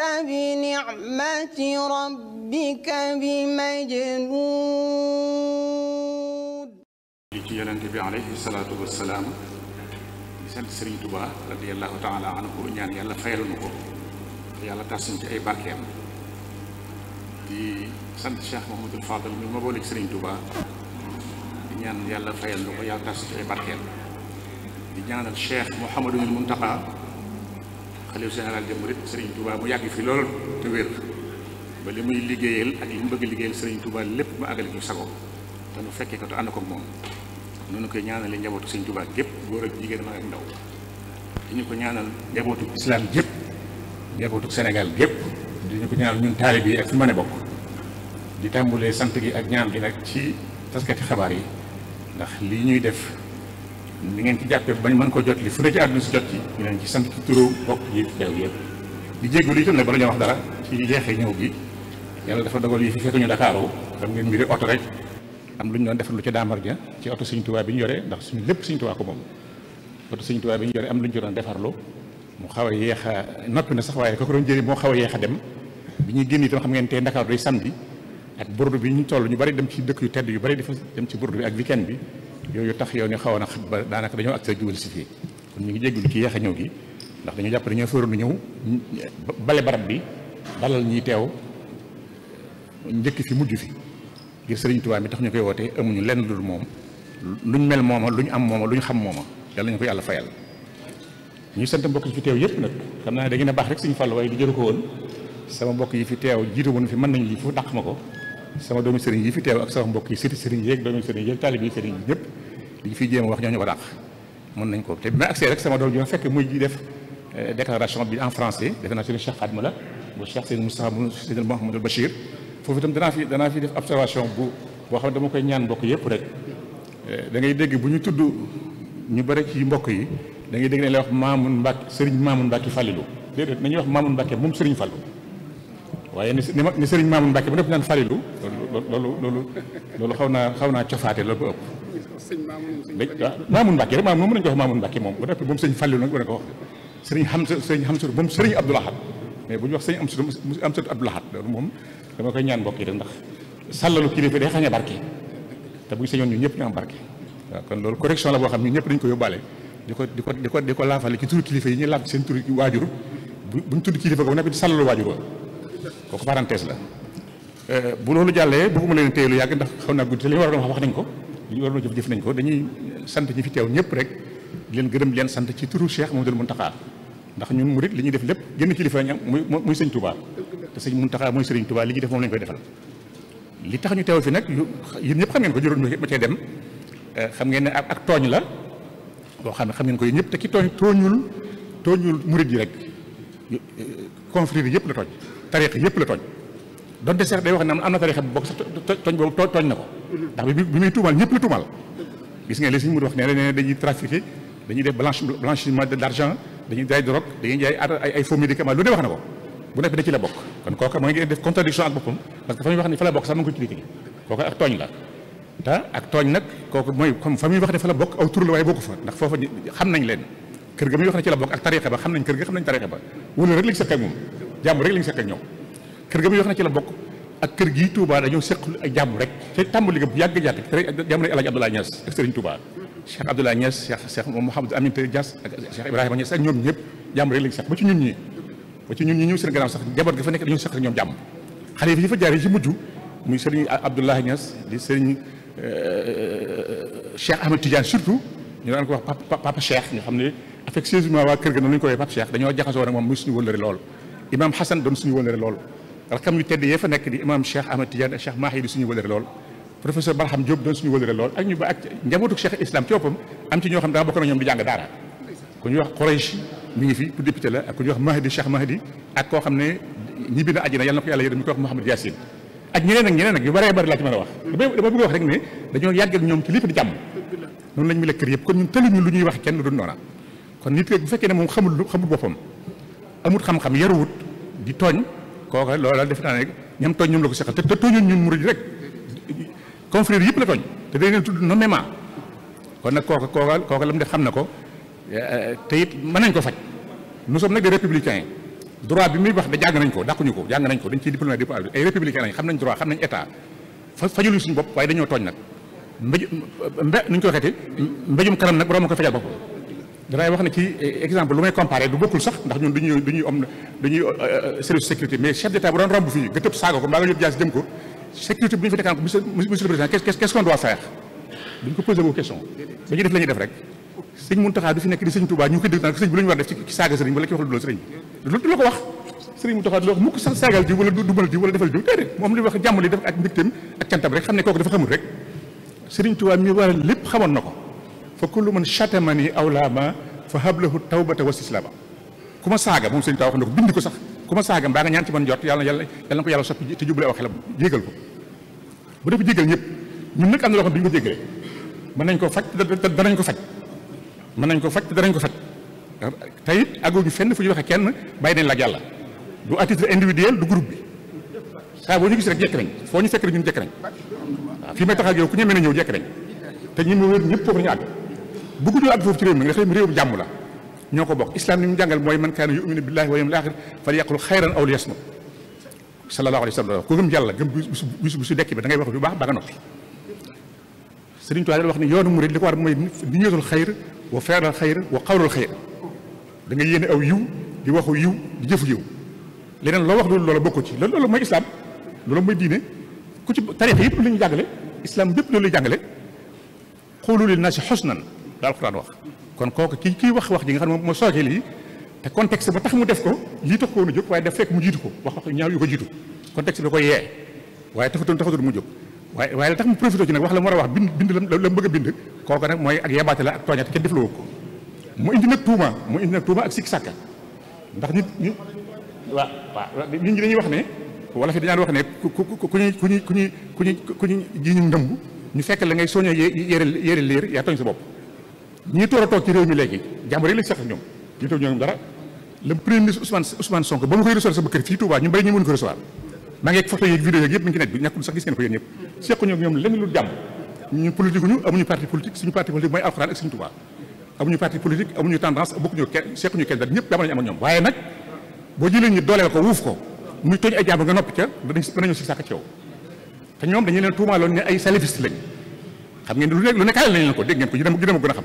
بنعمة ربك بمجنون ci yonent bi alayhi salaatu wassalaam di sant Sëriñ Tuubaa radiyallaahu taala anhu ñaan yàlla fayal nu ko te yàlla tas ñu ci ay barkeem di sant Cheikh Mouhamadoul Fadal mi ma booleeg Sëriñ Tuubaa di ñaan yàlla fayal nu ko yàlla tas ñu ci ay barkeem di ñaanal Cheikh Mouhamadoul Mountakha xalif général des mourides Serigne Touba mu yàgg fi lool te wér ba li muy liggéeyal ak li mu bëgg liggéeyal Serigne Touba lépp mu àggale ci sago te nu fekkee ko te ànd ko moom noonu koy ñaanale njabootu Serigne Touba gépp góor ak jigéen mag ak ndaw dañu ko ñaanal njabootu islam gépp njabootu Sénégal gépp dañu ko ñaanal ñun taalib yi ak fi ma ne bokk di tàmbulee sant gi ak ñaan gi nag ci taskati xabaar yi ndax lii ñuy def ni ngeen ci jàppee bañ mën ko jot li fu ne ci àdduna si jot ci ñu leen ci sant ci turu bokk yi teew yëpp di jégalu itam ne bala ñoo wax dara ci jeexee ñëw bi yàlla dafa dogal yi fi fetuñu Dakaaru xam ngeen mbiri oto rek am lu ñu doon defar lu ca daamar ja ci oto Sëñ Tuubaa ñu yore ndax suñu lépp Sëñ Tuubaa ko oto Sëñ Tuubaa bi ñu yore am lu ñu ci doon defarlu mu xaw a yéex a noppi na sax waaye ko ko doon jëri moo xaw a yéex a dem bi ñuy génn itam xam ngeen tey Ndakaaru day samedi ak burdu bi ñu toll ñu bari dem ci dëkk yu tedd yu bari defa dem ci burdu bi ak bi yooyu tax yow ni xawoon a xat ba daanaka dañoo ak sa jubal si fii kon ñu ngi jégalu ci yeex a ñëw gi ndax dañu jàpp dañoo fëroon ñëw bale barab bi dalal ñiy teew njëkk fi mujj fi ngir sëriñ Tuubaa mi tax ñu koy wootee amuñu lenn lu dul moom luñ mel mooma luñ am mooma ñu xam mooma yàlla nañu ko yàlla fayal ñu sant mbokk yi fi teew yëpp nag xam naa da ngeen a baax rek suñu fàll waaye du jëru ko woon sama mbokk yi fi teew jiitu woon fi mën nañu lii fu dàq ko sama doomi sëriñ yi fi teew ak sama mbokk yi sëti sëriñ yeeg li fi jéem a wax ñooñu ko dàq mën nañ ko te bi ma accès rek sama doom ji ma fekk muy def euh, déclaration bi en français defe naa suñu Cheikh Adma la bu Cheikh Seydou Moussa Seydou Mouhamadou Bachir foofu itam danaa fi fi def observation bu dama koy ñaan mbokk yëpp rek euh, da ngay dégg bu ñu tudd ñu bëri ci mbokk yi da ngay dégg ne lay wax Mamoun Mbacke Serigne Mamoun Mbacke Fallilou déedéet nañuy wax Mamoun Mbacke moom Serigne Fallou waaye ni Serigne Mamoun Mbacke ba nepp naan Fallilou loolu loolu loolu xaw naa xaw naa cofaate loolu bu ëpp Maamun Mbàkke ah, rek Maamun mën nañu ko wax Maamun Mbàkke moom bu nekk moom sëñ Fallu nag mën na ko wax sëriñ Hamsa sëriñ Hamsatu sëriñ Abdou mais bu ñu wax sëriñ Hamsatu Hamsatu Abdou loolu moom dama koy ñaan mbokk yi rek ndax sàllalu kilifa day xañee barke la boo xam ñun ñëpp dañu ko yóbbaale di ko di ko di ko di ko laafale yi ñu laaf seen turu waajur bu ñu tudd kilifa ko nag di sàllalu waajur kooku parenthèse la euh, bu loolu jàllee bëgguma leen téye yàgg ndax xaw naa guddi te li ñu a wax wax nañ ko li ñu waroon a jëf nañ ko dañuy sant ñi fi teew ñëpp rek di leen gërëm sant ci turu Cheikh Mouhamadoul Mountakha ndax ñun murit li ñuy def lépp génn kilifa ñam muy muy sëñ Touba te sëñ Mountakha mooy sëriñ Touba li ñuy def moom lañ koy defal li tax ñu teew fi nag yéen ñëpp xam ngeen ko juróom ma cee dem eh, xam ngeen ne ak tooñ la boo xam ne xam ngeen ko yéen ñëpp te ki tooñ tooñul tooñul murit yi rek eh, confrérie yëpp la tooñ tariix yëpp la tooñ donte Cheikh day wax ne am na tariix bu bokk sax tooñ boobu tooñ na ko ndax bi bi muy tuumal ñëpp la tuumal gis ngeen li suñu dañuy trafiquer dañuy def blanchiment d'argent dañuy jaay drogue dañuy jaay ay ay faux médicaments lu ne wax na ko bu nekk ci la bokk kon kooka mooy comme fa wax ne fa la bokk aw tur la bokku fa ndax foofa xam nañ leen kër ga muy wax ne ci la bokk ak tarixa ba xam nañ kër ga xam nañ tarixa ba wala rek lañ sekk moom jàmm rek lañ sekk ñoom kër ga muy wax ne ci la bokk ak kër gii Touba dañoo seq ak jàmm rek te tàmbali nga bu yàgg jàtt jamono El Hadj Abdoulaye Niass ak Serigne Touba Cheikh Abdoulaye Niass Cheikh Cheikh Mouhamadou Amine Péré Niass ak Cheikh Ibrahima Niass ak ñoom ñëpp jàmm rek lañ seq ba ci ñun ñi ba ak ñoom jàmm xalifa yi fa jaar yi ci mujj muy Serigne Abdoulaye Niass di euh, Ahmed Tidiane surtout ñu daan ko wax papa Cheikh nga xam ne affectueusement waa kër ga noonu la ñu ko papa Cheikh dañoo jaxasoo nag moom muy suñu wëllëre lool Imam Hassan doon suñu wëllëre lool rakam yu tedd yee fa nekk di imam Cheikh Ahmad Tidiane ak Cheikh Mahi di suñu wëlëre lool professeur Barham Diop doon suñu wëlëre lool ak ñu ba ak njabootu Cheikh Islam ci boppam koo xam ne ñibbi a wax dama bëgg wax rek ne dañoo yàggal ñoom ci lépp di jàmm noonu lañ lu ñuy wax kenn lu dul noona kon nit bu fekkee ne moom xamul xamul boppam amut xam-xam yaruwut di tooñ kooka loolu daal defe naa ne ñam tooñ ñoom la ko seqal te tooñoon ñun murid rek confrères yëpp la tooñ te dañ leen tudd nommément kon nag kooka kooka kooka la mu def xam na ko te yit mën nañ ko faj nous sommes nag des républicains droit bi muy wax da jàng nañ ko dàquñu ko jàng nañ ko dañ ciy diplômé di ay républicains lañ xam nañ droit xam nañ état fa fajulu suñu bopp waaye dañoo tooñ nag mbéj mbe nuñ ko waxeeti mbéjum kanam nag borom ma ko fajal boppam damay wax ne ci exemple lu may comparé du bokkul sax ndax ñun duñuy duñuy am dañuy euh, euh, service sécurité mais chef d'état bu doon romb fii nga tëb saaga ko mbaa nga yóbbu jaas jëm ko sécurité bu ñu fa tekkaan ko monsieur le président quest def la ñuy def rek sëñ du fi nekk di sëñ bi lu ñu war def ci saaga sëriñ wala ki wax lu dul sëriñ lu du la ko wax sëriñ Mountakha du la mukk sax saagal jiw wala dumal jiw wala defal jiw déedéet moom li wax lépp xamoon na ko fa kullu man chatamani aw laama fa hablahu tawbata wa ba ku ma saaga moom sëñ Tuubaa wax na ko bind ko sax ku ma saaga mbaa nga ñaan ci man jot yàlla yàlla na ko yàlla soppi te jubale aw xelam jégal ko bu def jégal ñëpp ñun nag am na loo xam ne bi ñu ko jégalee mën nañ ko faj te danañ ko faj mën nañ ko faj te danañ ko faj te it aguñu fenn fu ñu waxee kenn bàyyi nañ la ak yàlla du à titre individuel du groupe bi saa ñu gis rek jekk nañ foo ñu fekk rek fii may tax ak yow ku ñëw jekk nañ te ñi mu wér ñëpp foofu bëggu ñoo àgg foofu ci réew mi nga xam réewum jàmm la ñoo ko bokk islam ni mu jàngal mooy man kaana yuminu billahi wa yawmil axir fal yaqul xayran aw liyasmut sallallahu alayhi wa sallam ku gëm yàlla gëm bis bu su dekk bi da ngay wax bu baax mu nga noppi Sëriñ Tuubaa wax ne yoonu murid li ko war mooy niyatul xayr wa feeral xayr wa xawlul xayr da ngay yéene aw yiw di waxu yiw di jëfu yiw leneen loo wax loolu loola bokku ci loolu mooy islam loolu mooy diine ku ci tariix yëpp lu ñu jàngale islam bépp loolu lay jàngale xoolu li naa si xusnan la alxuraan wax kon kooku ki kiy wax wax ji nga xam ne moo sooke lii te contexte ba tax mu def ko lii tax ko woon a jóg waaye daf fekk mu jiitu ko wax wax ñaaw yu ko jiitu contexte da koy yee waaye taxutoon taxutoon mu jóg waaye waaye tax mu profité ci nag wax la mu war a wax bind bind la la mu bëgg a bind kooku nag mooy ak yebaate la ak tooñate kenn defloo ko mu indi nag tuuma mu indi nag tuuma ak sikki sàkka ndax nit ñi waaw waaw nit ñi dañuy wax ne wala fi dañaan wax ne ku ku ku ñuy ku ñuy ku ñuy ku ñuy ji ñu ndëmb ñu fekk la ngay soño yére yére liir yaa tooñ sa bopp ñi toor ci réew mi léegi jàmbur yi ñu toog ñoom dara le premier ministre Ousmane Ousmane Sonko ba mu koy recevoir sama kër fii Touba ñu bari ñu mënu ko recevoir maa ngi ak photo yeeg vidéo yeeg yëpp mi ngi ci net bi ñàkkul sax gis ko yéen yëpp ñu politique ñu lañu am ko ñoom dañu leen tuumaaloon ne ay salafiste lañ xam ngeen lu nekk lañ leen ko dégg ngeen ko ji dama gën a xam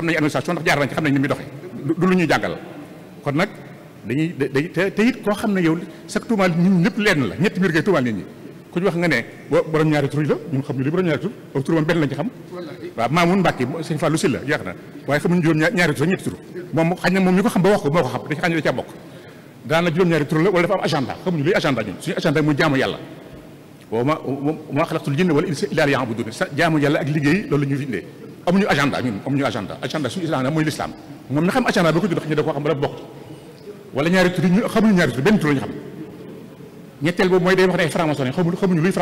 xam nañu administration ndax jaar nañ ci lu ñuy koo xam ne yow sax tuumaal ñun ñëpp la ñetti mbir ngay tuumaal nit ñi na waaye xamuñu juróom ñaari tur ñetti tur moom xañ na wax ko moo ko xam dañ xañ da caa bokk daan na juróom-ñaari tur la wala dafa am agenda xamuñu luy agenda ñun suñu agenda muy jaamu yàlla waaw ma ma xalaqtul jinna wala insa illa liya'budun sa jaamu yàlla ak liggéey loolu la ñu fi indee amuñu agenda ñun amuñu agenda agenda suñu islam mooy l'islam moom na xam agenda ba ko judd ñu xam wala bokk wala ñaari tur ñu xamuñu ñaari mooy day wax ne ay franc-maçon ne xamuñu xamuñu luy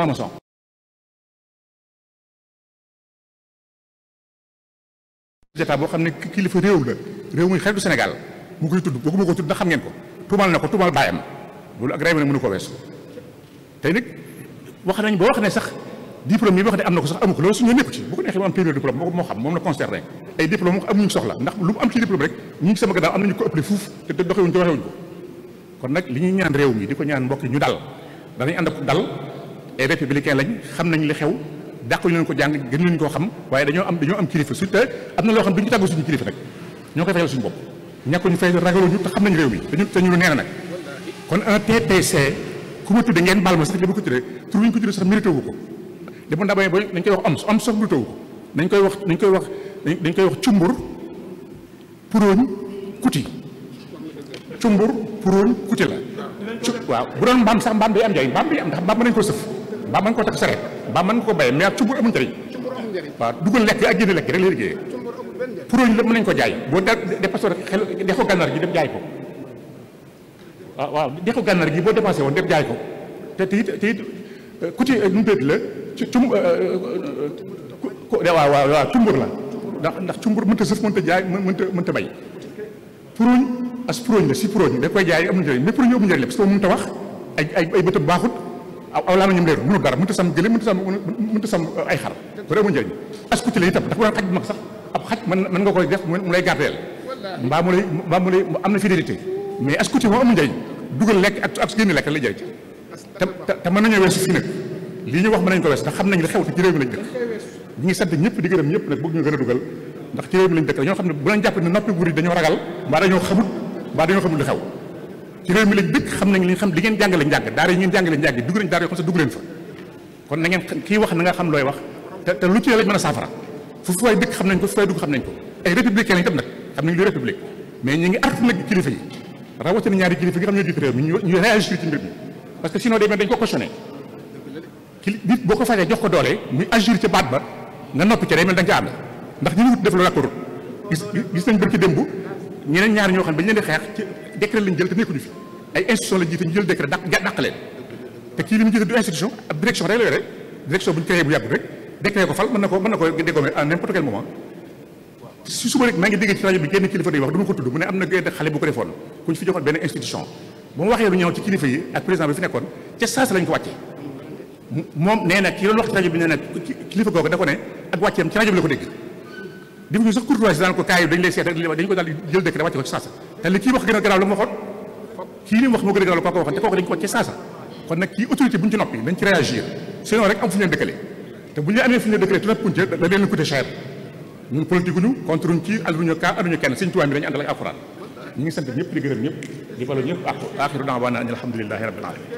boo xam ne kilifa réew la réew muy xaritu Sénégal mu koy tudd ko tudd xam ngeen ko tuumal na ko tuumal bàyyam loolu ak rey ma ne mënu ko weesu tey nag wax nañ boo wax ne sax diplôme yi wax ne am na ko sax amu ko loolu suñu nekku ci bu ko neexee lu mu am ci diplôme rek ñu sama gannaaw am nañu ko ko waxewuñ ko kon nag li di ko ñaan mbokk ñu dal danañ ànd ak xam nañ li xew dàquñu leen ko jàng gën leen koo xam waaye dañoo am dañoo am kilifa am na loo xam du ñu tàggu suñu kilifa nag ñoo koy fayal suñu bopp ñàkkuñu fay ragaluñu te xam nañ réew mi dañu dañu nee na nag kon un TPC ku ma tudde ngeen baal ma sax li ma ko tudde tur ñu sax mérité wu ko bu ndabay ba dañ koy wax oms oms sax du taw dañ koy wax dañ koy wax dañ koy wax cumbur puróñ kuti cumbur puróñ kuti la waaw bu doon mbaam sax mbaam day am njëriñ mbaam day am ndax mbaam mën nañ koo sëf mbaam mën ko takk sareet mbaam mën ko béye mais ak cumbur amul njëriñ waa dugal lekk ak génne lekk rek lay liggéeyee puróñ la mën nañ ko jaay boo dépassé rek xel dexu gànnaar gi dem jaay ko waaw waaw dexu gànnaar gi boo dépassé woon dem jaay ko te te it ku ci la ci cum euh, euh, waaw waaw waaw cumbur la ndax ndax cumbur mënta sëf mënta jaay mënta mënta bay puruñ as puruñ la si puruñ da koy jaay amul njëriñ mais puruñ amul njëriñ la parce que mënta wax ay ay ay bëtam baaxut aw aw laa ma ñoom dara mënta sam gële mënta sam sam euh, ay xar loolu amul njëriñ as ku ci la itam ndax bu doon xaj bu mag sax ab xaj mën mën nga koy def mu lay gardeel mbaa mu lay mbaa mu lay am na fidélité mais as ku ci moom amul njëriñ dugal lekk ak ak génne lekk la jëriñ te mën nañoo weesu fii nag lii ñu wax mën nañu ko weesu ndax xam nañ li xew te ci réew mi lañ dëkk ñi ngi sant ñëpp di gërëm ñëpp nag bëgg ñu gën a dugal ndax ci réew mi lañ dëkk xam nañ li a saafara république mais ñi ngi art nag kilifa yi rawatina ñaari kilifa yi nga xam ñoo jiite réew mi ñu réagir ci mbir mi parce que sinon day mel dañ ko cautionné ki nit boo ko fajee jox ko doole muy agir ca baat ba nga noppi ca day dañ da nga ca ànd ndax ñu ngi wut def lu ràkkarut gis gis nañ bërki démb ñeneen ñaar ñoo xam ne bañ leen di xeex ci décret lañ jël te nekkuñu fi ay institution lañ jiite ñu jël décret dàq dàq leen te kii li mu jiite du institution ab direction rek la yore direction bu ñu bu yàgg rek décret ko fal mën na ko mën na ko dégommer à n'importe boo mu waxee lu ñëw ci kilifa yi ak président bi fi nekkoon ca saas lañ ko wàccee moom nee na ki wax ci rajo bi nee na kilifa googu da ko ne ak wàcceem ci rajo bi la ko dégg di ñu sax courtoisie daan ko kaay dañ ko daal di jël dëkk wàcce ko ci saasa te li kii wax gën a garaaw la mu waxoon kii li mu wax gën a garaaw la kooku waxoon te kooku dañ ko wàcce saasa kon nag kii autorité bu ñu ci noppi dañ ci réagir sinon rek am fu ñu dëkkale te bu ñu amee fu ñëpp di balu ñëpp ak axiru daawaana an alhamdulilahi rabbil alamin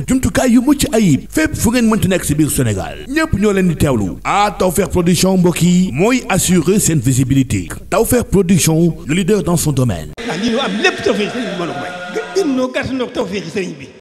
jumtukaay yu mucc ayib fépp fu ngeen mënti nekk si biir Sénégal ñépp ñoo leen di teewlu ah Tawfekh production mbokk yi mooy assurer seen visibilité Tawfekh production le leader dans son domaine. ah lii am lépp Tawfekh sëriñ bi mën a may. gën